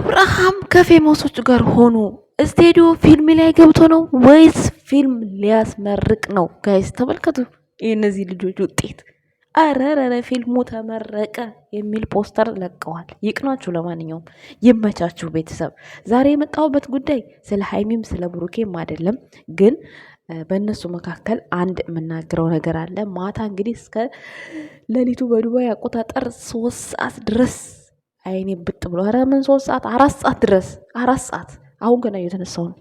አብርሃም ከፌመሶች ጋር ሆኖ ስቴዲዮ ፊልም ላይ ገብቶ ነው ወይስ ፊልም ሊያስመርቅ ነው? ጋይስ ተመልከቱ የእነዚህ ልጆች ውጤት። አረረረ ፊልሙ ተመረቀ የሚል ፖስተር ለቀዋል። ይቅናችሁ። ለማንኛውም ይመቻችሁ ቤተሰብ። ዛሬ የመጣሁበት ጉዳይ ስለ ሀይሚም ስለ ብሩኬም አይደለም፣ ግን በእነሱ መካከል አንድ የምናገረው ነገር አለ። ማታ እንግዲህ እስከ ሌሊቱ በዱባይ አቆጣጠር ሶስት ሰዓት ድረስ አይኔ ብጥ ብሎ ኧረ ምን ሶስት ሰዓት አራት ሰዓት ድረስ አራት ሰዓት አሁን ገና እየተነሳውን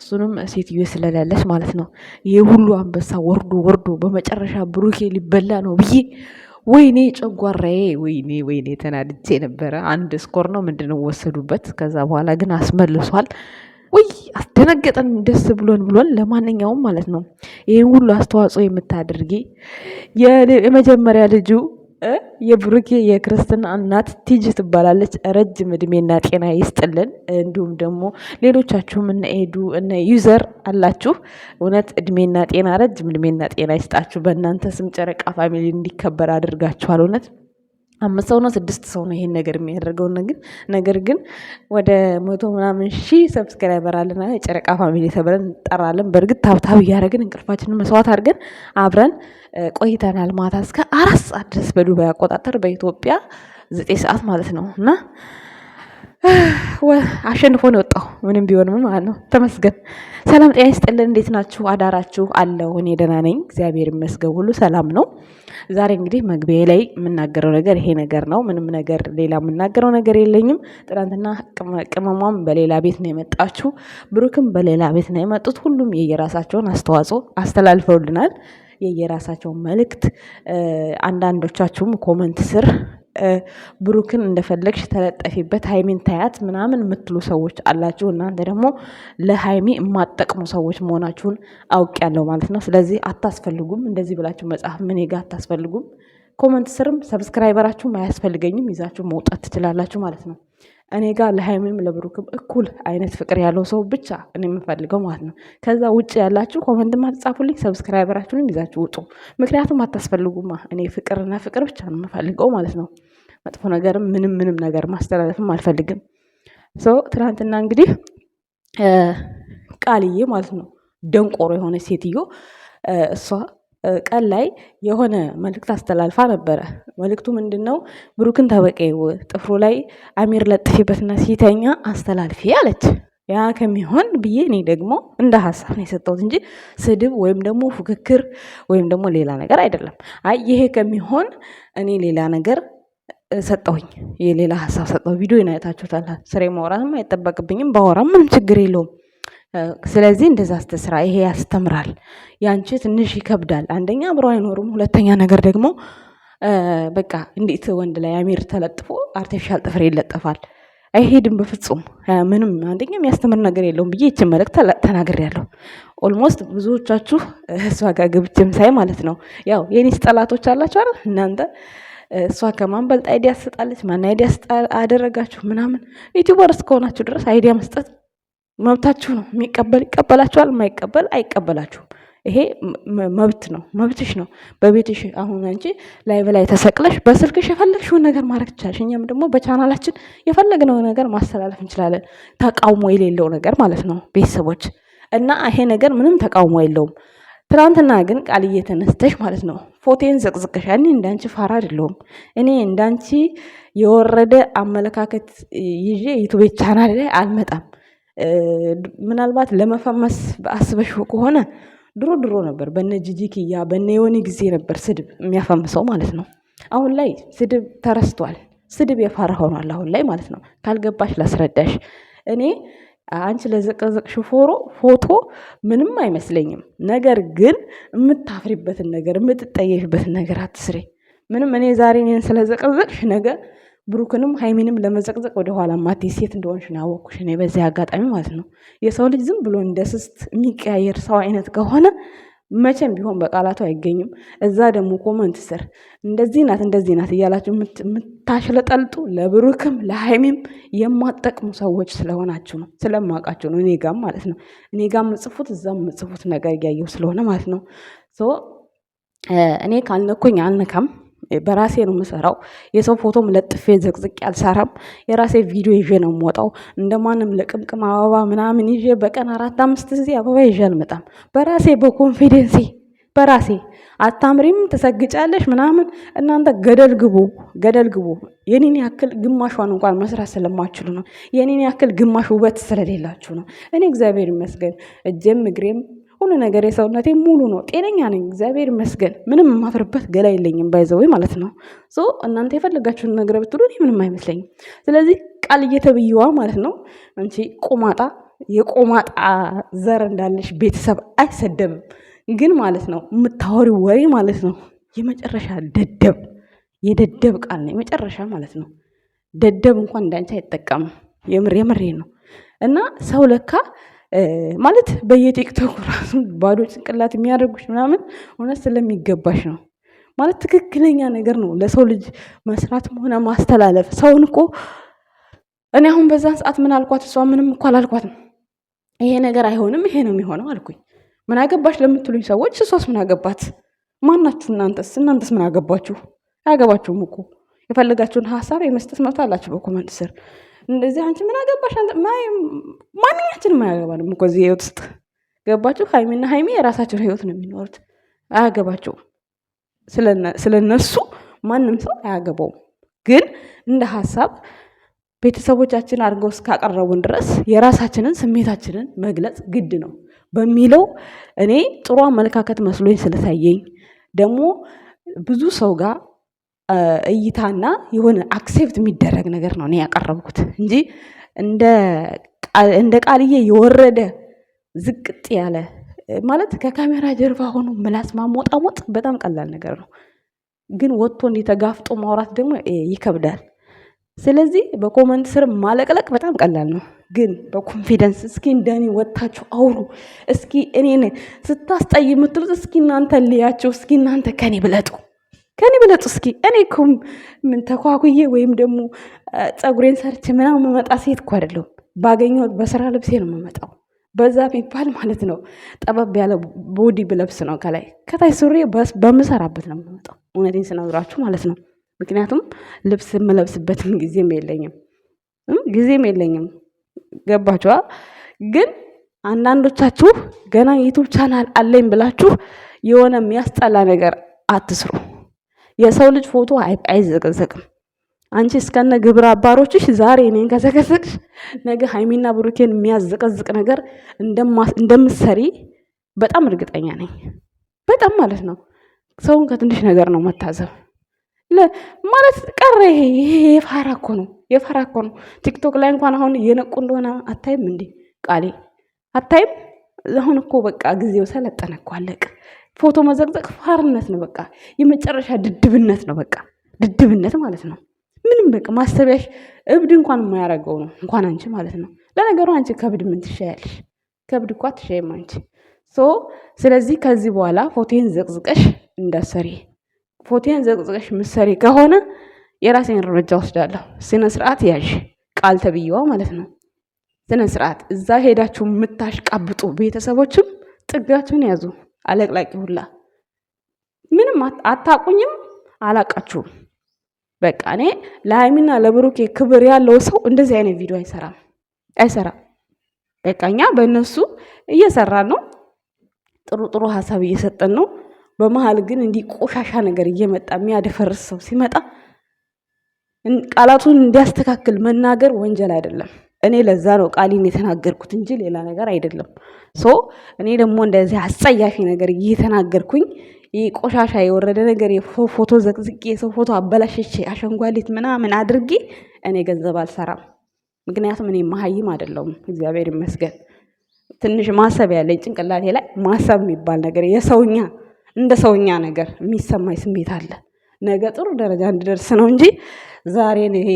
እሱንም ሴትዮ ስለላለች ማለት ነው። ይህ ሁሉ አንበሳ ወርዶ ወርዶ በመጨረሻ ብሩኬ ሊበላ ነው ብዬ ወይኔ ጨጓራዬ፣ ወይኔ ወይኔ ተናድቼ ነበረ። አንድ ስኮር ነው ምንድነው ወሰዱበት። ከዛ በኋላ ግን አስመልሷል። ውይ አስደነገጠን፣ ደስ ብሎን ብሎን። ለማንኛውም ማለት ነው ይህን ሁሉ አስተዋጽኦ የምታደርጊ የመጀመሪያ ልጁ የብሩኬ የክርስትና እናት ቲጅ ትባላለች። ረጅም እድሜና ጤና ይስጥልን። እንዲሁም ደግሞ ሌሎቻችሁም እነ ኤዱ እነ ዩዘር አላችሁ። እውነት እድሜና ጤና ረጅም እድሜና ጤና ይስጣችሁ። በእናንተ ስም ጨረቃ ፋሚሊ እንዲከበር አድርጋችኋል። እውነት አምስት ሰው ነው ስድስት ሰው ነው ይሄን ነገር የሚያደርገው። ነገር ግን ወደ መቶ ምናምን ሺ ሰብስክራይበር አለና የጨረቃ ፋሚሊ ተብለን እንጠራለን። በእርግጥ ታብታብ እያደረግን እንቅልፋችንን መስዋዕት አድርገን አብረን ቆይተናል። ማታ እስከ አራት ሰዓት ድረስ በዱባይ አቆጣጠር በኢትዮጵያ ዘጠኝ ሰዓት ማለት ነው እና አሸንፎ ነው ወጣው ምንም ቢሆን ምን ማለት ነው። ተመስገን። ሰላም ጤና ይስጥልን። እንዴት ናችሁ? አዳራችሁ አለው። እኔ ደህና ነኝ፣ እግዚአብሔር ይመስገን፣ ሁሉ ሰላም ነው። ዛሬ እንግዲህ መግቢያ ላይ የምናገረው ነገር ይሄ ነገር ነው። ምንም ነገር ሌላ የምናገረው ነገር የለኝም። ትናንትና ቅመሟም በሌላ ቤት ነው የመጣችሁ፣ ብሩክም በሌላ ቤት ነው የመጡት። ሁሉም የየራሳቸውን አስተዋጽኦ አስተላልፈውልናል የየራሳቸውን መልእክት አንዳንዶቻችሁም ኮመንት ስር ብሩክን እንደፈለግሽ ተለጠፊበት፣ ሀይሚን ታያት ምናምን የምትሉ ሰዎች አላችሁ። እናንተ ደግሞ ለሀይሚ የማጠቅሙ ሰዎች መሆናችሁን አውቅ ያለው ማለት ነው። ስለዚህ አታስፈልጉም፣ እንደዚህ ብላችሁ መጽሐፍ ምን ጋ አታስፈልጉም። ኮመንት ስርም ሰብስክራይበራችሁም አያስፈልገኝም ይዛችሁ መውጣት ትችላላችሁ ማለት ነው። እኔ ጋር ለሃይሜም ለብሩክም እኩል አይነት ፍቅር ያለው ሰው ብቻ እኔ የምፈልገው ማለት ነው። ከዛ ውጭ ያላችሁ ኮመንት ማትጻፉልኝ ሰብስክራይበራችሁንም ይዛችሁ ውጡ። ምክንያቱም አታስፈልጉማ። እኔ ፍቅርና ፍቅር ብቻ ነው የምፈልገው ማለት ነው። መጥፎ ነገርም ምንም ምንም ነገር ማስተላለፍም አልፈልግም። ሶ ትናንትና እንግዲህ ቃልዬ ማለት ነው ደንቆሮ የሆነ ሴትዮ እሷ ቀን ላይ የሆነ መልእክት አስተላልፋ ነበረ። መልእክቱ ምንድን ነው? ብሩክን ተበቀይው ጥፍሩ ላይ አሚር ለጥፊበትና ሲተኛ አስተላልፊ አለች። ያ ከሚሆን ብዬ እኔ ደግሞ እንደ ሀሳብ ነው የሰጠሁት እንጂ ስድብ ወይም ደግሞ ፉክክር ወይም ደግሞ ሌላ ነገር አይደለም። አይ ይሄ ከሚሆን እኔ ሌላ ነገር ሰጠሁኝ፣ የሌላ ሀሳብ ሰጠሁ። ቪዲዮ አይታችሁታል። ስሬ ማውራትም አይጠበቅብኝም፣ ባወራም ምንም ችግር የለውም። ስለዚህ እንደዛ አስተስራ ይሄ ያስተምራል። ያንቺ ትንሽ ይከብዳል። አንደኛ አብሮ አይኖርም ሁለተኛ ነገር ደግሞ በቃ እንዴት ወንድ ላይ አሚር ተለጥፎ አርቲፊሻል ጥፍር ይለጠፋል? አይሄድም በፍጹም ምንም። አንደኛ የሚያስተምር ነገር የለውም ብዬ ይችን መልእክት ያለው ኦልሞስት ብዙዎቻችሁ እሷ ጋር ግብቼም ሳይ ማለት ነው ያው የኔስ ጠላቶች አላችሁ አይደል እናንተ እሷ ከማንበልጥ አይዲያ ትሰጣለች፣ ማን አይዲያ አደረጋችሁ ምናምን። ዩቲዩበር እስከሆናችሁ ድረስ አይዲያ መስጠት መብታችሁ ነው። የሚቀበል ይቀበላችኋል፣ የማይቀበል አይቀበላችሁም። ይሄ መብት ነው፣ መብትሽ ነው። በቤትሽ አሁን አንቺ ላይ በላይ ተሰቅለሽ በስልክሽ የፈለግሽውን ነገር ማድረግ ትችላለሽ። እኛም ደግሞ በቻናላችን የፈለግነው ነገር ማስተላለፍ እንችላለን። ተቃውሞ የሌለው ነገር ማለት ነው ቤተሰቦች እና ይሄ ነገር ምንም ተቃውሞ የለውም። ትናንትና ግን ቃል እየተነስተሽ ማለት ነው ፎቴን ዘቅዝቀሻል። እኔ እንዳንቺ ፋራ አይደለሁም። እኔ እንዳንቺ የወረደ አመለካከት ይዤ ዩቱቤ ቻናል ላይ አልመጣም። ምናልባት ለመፈመስ በአስበሽው ከሆነ ድሮ ድሮ ነበር በነ ጂጂክያ በነ የሆነ ጊዜ ነበር ስድብ የሚያፈምሰው ማለት ነው። አሁን ላይ ስድብ ተረስቷል። ስድብ የፋራ ሆኗል አሁን ላይ ማለት ነው። ካልገባሽ ላስረዳሽ። እኔ አንቺ ለዘቀዘቅ ሽፎሮ ፎቶ ምንም አይመስለኝም። ነገር ግን የምታፍሪበትን ነገር የምትጠየፊበትን ነገር አትስሬ ምንም እኔ ዛሬ እኔን ስለዘቀዘቅሽ ነገር ብሩክንም ሀይሚንም ለመዘቅዘቅ ወደኋላ ማቴ ሴት እንደሆንሽ ነው ያወቅኩሽ። እኔ በዚህ አጋጣሚ ማለት ነው የሰው ልጅ ዝም ብሎ እንደ ስስት የሚቀያየር ሰው አይነት ከሆነ መቼም ቢሆን በቃላቱ አይገኝም። እዛ ደግሞ ኮመንት ስር እንደዚህ ናት እንደዚህ ናት እያላችሁ የምታሽለጠልጡ ለብሩክም ለሀይሚም የማጠቅሙ ሰዎች ስለሆናችሁ ነው፣ ስለማውቃችሁ ነው። እኔ ጋም ማለት ነው እኔ ጋም ምጽፉት እዛም ምጽፉት ነገር እያየው ስለሆነ ማለት ነው እኔ ካልነኩኝ አልነካም። በራሴ ነው የምሰራው። የሰው ፎቶም ለጥፌ ዝቅዝቅ አልሰራም። የራሴ ቪዲዮ ይዤ ነው የምወጣው። እንደማንም ለቅምቅም አበባ ምናምን ይዤ በቀን አራት አምስት ጊዜ አበባ ይዤ አልመጣም። በራሴ በኮንፊደንሲ በራሴ አታምሪም፣ ትሰግጫለሽ ምናምን። እናንተ ገደል ግቡ፣ ገደል ግቡ። የኔን ያክል ግማሿን እንኳን መስራት ስለማችሉ ነው። የኔን ያክል ግማሽ ውበት ስለሌላችሁ ነው። እኔ እግዚአብሔር ይመስገን እጄም እግሬም ሁሉ ነገር የሰውነቴ ሙሉ ነው። ጤነኛ ነኝ፣ እግዚአብሔር ይመስገን። ምንም የማፍርበት ገላ የለኝም። ባይዘወ ማለት ነው። ሶ እናንተ የፈለጋችሁን ነገር ብትሉ እኔ ምንም አይመስለኝም። ስለዚህ ቃል እየተብየዋ ማለት ነው። አንቺ ቆማጣ፣ የቆማጣ ዘር እንዳለሽ ቤተሰብ አይሰደብም፣ ግን ማለት ነው የምታወሪ ወሬ ማለት ነው የመጨረሻ ደደብ የደደብ ቃል ነው የመጨረሻ ማለት ነው። ደደብ እንኳን እንዳንቺ አይጠቀምም። የምሬ የምሬ ነው እና ሰው ለካ ማለት በየቲክቶክ ራሱ ባዶ ጭንቅላት የሚያደርጉሽ ምናምን እውነት ስለሚገባሽ ነው። ማለት ትክክለኛ ነገር ነው ለሰው ልጅ መስራትም ሆነ ማስተላለፍ። ሰውን እኮ እኔ አሁን በዛን ሰዓት ምን አልኳት? እሷ ምንም እኮ አላልኳትም። ይሄ ነገር አይሆንም፣ ይሄ ነው የሚሆነው አልኩኝ። ምን አገባሽ ለምትሉኝ ሰዎች እሷስ ምን አገባት? ማናችሁ እናንተስ? እናንተስ ምን አገባችሁ? አያገባችሁም እኮ የፈለጋችሁን ሀሳብ የመስጠት መብት አላችሁ በኮመንት ስር እንደዚህ አንቺ ምን አገባሽ? ማንኛችንም አያገባንም እኮ እዚህ ህይወት ውስጥ ገባችሁ? ሀይሚና ሀይሚ የራሳቸውን ህይወት ነው የሚኖሩት። አያገባቸውም። ስለ ማንም ሰው አያገባውም። ግን እንደ ሀሳብ ቤተሰቦቻችን አድርገው እስካቀረቡን ድረስ የራሳችንን ስሜታችንን መግለጽ ግድ ነው በሚለው እኔ ጥሩ አመለካከት መስሎኝ ስለታየኝ ደግሞ ብዙ ሰው ጋር እይታና የሆነ አክሴፕት የሚደረግ ነገር ነው እኔ ያቀረብኩት እንጂ እንደ ቃልዬ የወረደ ዝቅጥ ያለ ማለት ከካሜራ ጀርባ ሆኖ ምላስ ማሞጣሞጥ በጣም ቀላል ነገር ነው፣ ግን ወጥቶ እንዲተጋፍጦ ማውራት ደግሞ ይከብዳል። ስለዚህ በኮመንት ስር ማለቅለቅ በጣም ቀላል ነው፣ ግን በኮንፊደንስ እስኪ እንደኔ ወጥታችሁ አውሩ፣ እስኪ እኔን ስታስጠይ የምትሉት እስኪ እናንተ ልያቸው፣ እስኪ እናንተ ከኔ ብለጡ። ከኔ ብለጡ እስኪ እኔ እኮ ምን ተኳኩዬ ወይም ደግሞ ፀጉሬን ሰርቼ ምናምን መመጣ ሴት እኮ አይደለሁም። ባገኘሁት በስራ ልብሴ ነው የምመጣው። በዛ የሚባል ማለት ነው ጠበብ ያለ ቦዲ ብለብስ ነው ከላይ ከታች ሱሪ በምሰራበት ነው የምመጣው። እውነቴን ስነግራችሁ ማለት ነው። ምክንያቱም ልብስ የምለብስበትም ጊዜም የለኝም ጊዜም የለኝም። ገባችኋ? ግን አንዳንዶቻችሁ ገና ዩቱብ ቻናል አለኝ ብላችሁ የሆነ የሚያስጠላ ነገር አትስሩ። የሰው ልጅ ፎቶ አይዘቀዘቅም። አንቺ እስከነ ግብረ አባሮችሽ ዛሬ እኔን ከዘቀዘቅሽ ነገ ሀይሚና ብሩኬን የሚያዘቀዝቅ ነገር እንደምትሰሪ በጣም እርግጠኛ ነኝ። በጣም ማለት ነው። ሰውን ከትንሽ ነገር ነው መታዘብ ማለት ቀረ። ይሄ የፋራ እኮ ነው፣ የፋራ እኮ ነው። ቲክቶክ ላይ እንኳን አሁን እየነቁ እንደሆነ አታይም እንዴ? ቃሌ አታይም። አሁን እኮ በቃ ጊዜው ሰለጠነ እኮ አለቅ ፎቶ መዘቅዘቅ ፋርነት ነው። በቃ የመጨረሻ ድድብነት ነው። በቃ ድድብነት ማለት ነው። ምንም በቃ ማሰቢያሽ እብድ እንኳን የማያደርገው ነው። እንኳን አንቺ ማለት ነው። ለነገሩ አንቺ ከብድ ምን ትሻያለሽ? ከብድ እኳ ትሻይም አንቺ። ሶ ስለዚህ ከዚህ በኋላ ፎቴን ዘቅዝቀሽ እንዳሰሪ። ፎቴን ዘቅዝቀሽ ምሰሪ ከሆነ የራሴን እርምጃ ወስዳለሁ። ስነ ስርዓት ያዥ ቃል ተብዬዋ ማለት ነው። ስነ ስርዓት እዛ ሄዳችሁ የምታሽቃብጡ ቤተሰቦችም ጥጋችሁን ያዙ። አለቅላቂ ሁላ ምንም አታቁኝም፣ አላቃችሁም። በቃ እኔ ለሃይሚና ለብሩኬ ክብር ያለው ሰው እንደዚህ አይነት ቪዲዮ አይሰራም አይሰራም። በቃ እኛ በእነሱ እየሰራን ነው፣ ጥሩ ጥሩ ሀሳብ እየሰጠን ነው። በመሀል ግን እንዲህ ቆሻሻ ነገር እየመጣ የሚያደፈርስ ሰው ሲመጣ ቃላቱን እንዲያስተካክል መናገር ወንጀል አይደለም። እኔ ለዛ ነው ቃሊን የተናገርኩት እንጂ ሌላ ነገር አይደለም። ሶ እኔ ደግሞ እንደዚህ አስጸያፊ ነገር እየተናገርኩኝ ይህ ቆሻሻ የወረደ ነገር ፎቶ ዘቅዝቄ የሰው ፎቶ አበላሸቼ አሸንጓሊት ምናምን አድርጌ እኔ ገንዘብ አልሰራም። ምክንያቱም እኔ መሀይም አይደለሁም። እግዚአብሔር ይመስገን ትንሽ ማሰብ ያለኝ ጭንቅላቴ ላይ ማሰብ የሚባል ነገር የሰውኛ እንደ ሰውኛ ነገር የሚሰማኝ ስሜት አለ። ነገ ጥሩ ደረጃ እንድደርስ ነው እንጂ ዛሬን ይሄ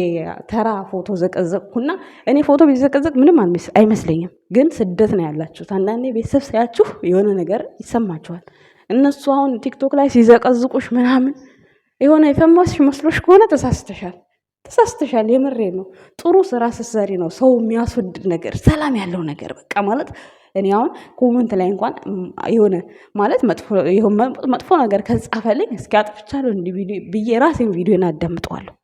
ተራ ፎቶ ዘቀዘቅኩና እኔ ፎቶ ቢዘቀዘቅ ምንም አይመስለኝም። ግን ስደት ነው ያላችሁት። አንዳንዴ ቤተሰብ ሳያችሁ የሆነ ነገር ይሰማችኋል። እነሱ አሁን ቲክቶክ ላይ ሲዘቀዝቁሽ ምናምን የሆነ የፈማስሽ መስሎሽ ከሆነ ተሳስተሻል። ተሳስተሻል። የምሬ ነው። ጥሩ ስራ ስትሰሪ ነው ሰው የሚያስወድ ነገር፣ ሰላም ያለው ነገር በቃ ማለት እኔ አሁን ኮመንት ላይ እንኳን የሆነ ማለት መጥፎ ነገር ከጻፈልኝ እስኪ አጥፍቻለሁ እንዲህ ብዬ ራሴን ቪዲዮን አዳምጠዋለሁ።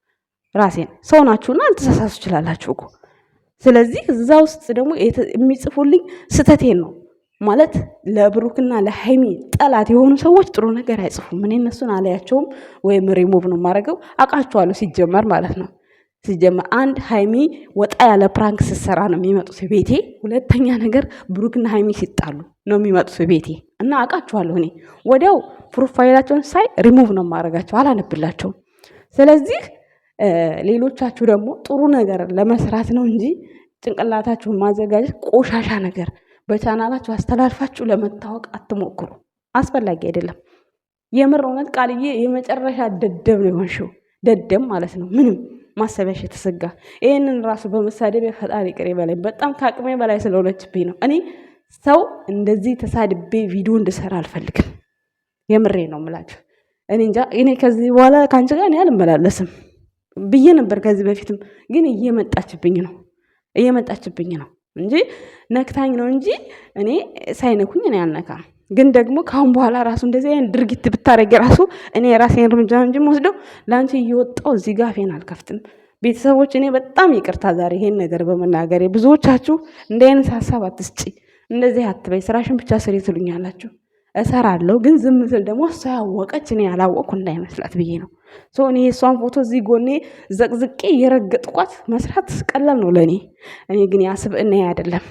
ራሴን ሰው ናችሁና አልተሳሳሱ ይችላላችሁ እኮ። ስለዚህ እዛ ውስጥ ደግሞ የሚጽፉልኝ ስህተቴን ነው ማለት ለብሩክና ለሃይሚ ጠላት የሆኑ ሰዎች ጥሩ ነገር አይጽፉም። እኔ እነሱን አላያቸውም ወይም ሪሙቭ ነው የማደርገው። አውቃቸዋለሁ ሲጀመር ማለት ነው። ሲጀመር አንድ ሃይሚ ወጣ ያለ ፕራንክ ስትሰራ ነው የሚመጡት ቤቴ። ሁለተኛ ነገር ብሩክና ሃይሚ ሲጣሉ ነው የሚመጡት ቤቴ እና አውቃቸዋለሁ። እኔ ወዲያው ፕሮፋይላቸውን ሳይ ሪሙቭ ነው የማደርጋቸው፣ አላነብላቸውም። ስለዚህ ሌሎቻችሁ ደግሞ ጥሩ ነገር ለመስራት ነው እንጂ ጭንቅላታችሁን ማዘጋጀት ቆሻሻ ነገር በቻናላችሁ አስተላልፋችሁ ለመታወቅ አትሞክሩ። አስፈላጊ አይደለም። የምር እውነት ቃልዬ የመጨረሻ ደደብ ነው የሆንሽው። ደደብ ማለት ነው ምንም ማሰቢያሽ የተሰጋ ይህንን ራሱ በመሳደብ ፈጣሪ ቅሬ በላይ በጣም ከአቅሜ በላይ ስለሆነችብኝ ነው። እኔ ሰው እንደዚህ ተሳድቤ ቪዲዮ እንድሰራ አልፈልግም። የምሬ ነው የምላችሁ። እኔ እንጃ እኔ ከዚህ በኋላ ከአንቺ ጋር እኔ አልመላለስም ብዬ ነበር ከዚህ በፊትም፣ ግን እየመጣችብኝ ነው እየመጣችብኝ ነው። እንጂ ነክታኝ ነው እንጂ እኔ ሳይነኩኝ እኔ አልነካም። ግን ደግሞ ካሁን በኋላ ራሱ እንደዚህ አይነት ድርጊት ብታደረግ ራሱ እኔ የራሴን እርምጃ እንጂ ወስደው ለአንቺ እየወጣው እዚህ ጋር አፌን አልከፍትም። ቤተሰቦች እኔ በጣም ይቅርታ ዛሬ ይሄን ነገር በመናገሬ ብዙዎቻችሁ እንደ አይነት ሀሳብ አትስጪ፣ እንደዚህ አትበይ፣ ስራሽን ብቻ ስሪ ትሉኛላችሁ። እሰራለሁ ግን ዝም ስል ደግሞ እሷ ያወቀች እኔ ያላወቅኩ እንዳይመስላት ብዬ ነው። እኔ የእሷን ፎቶ እዚህ ጎኔ ዘቅዝቄ የረገጥኳት መስራት ቀላል ነው ለእኔ። እኔ ግን ያ ስብእናዬ አይደለም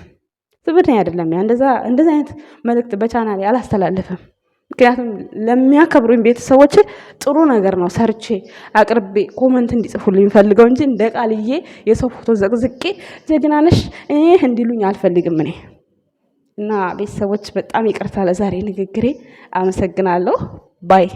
ስብእና አይደለም እንደዚ አይነት መልእክት አላስተላልፍም። ምክንያቱም ለሚያከብሩኝ ቤተሰቦች ጥሩ ነገር ነው ሰርቼ አቅርቤ ኮመንት እንዲጽፉልኝ ፈልገው እንጂ እንደ ቃልዬ የሰው ፎቶ ዘቅዝቄ ጀግናነሽ ነሽ እንዲሉኝ አልፈልግም እኔ እና ቤተሰቦች በጣም ይቅርታ ለዛሬ ንግግሬ። አመሰግናለሁ ባይ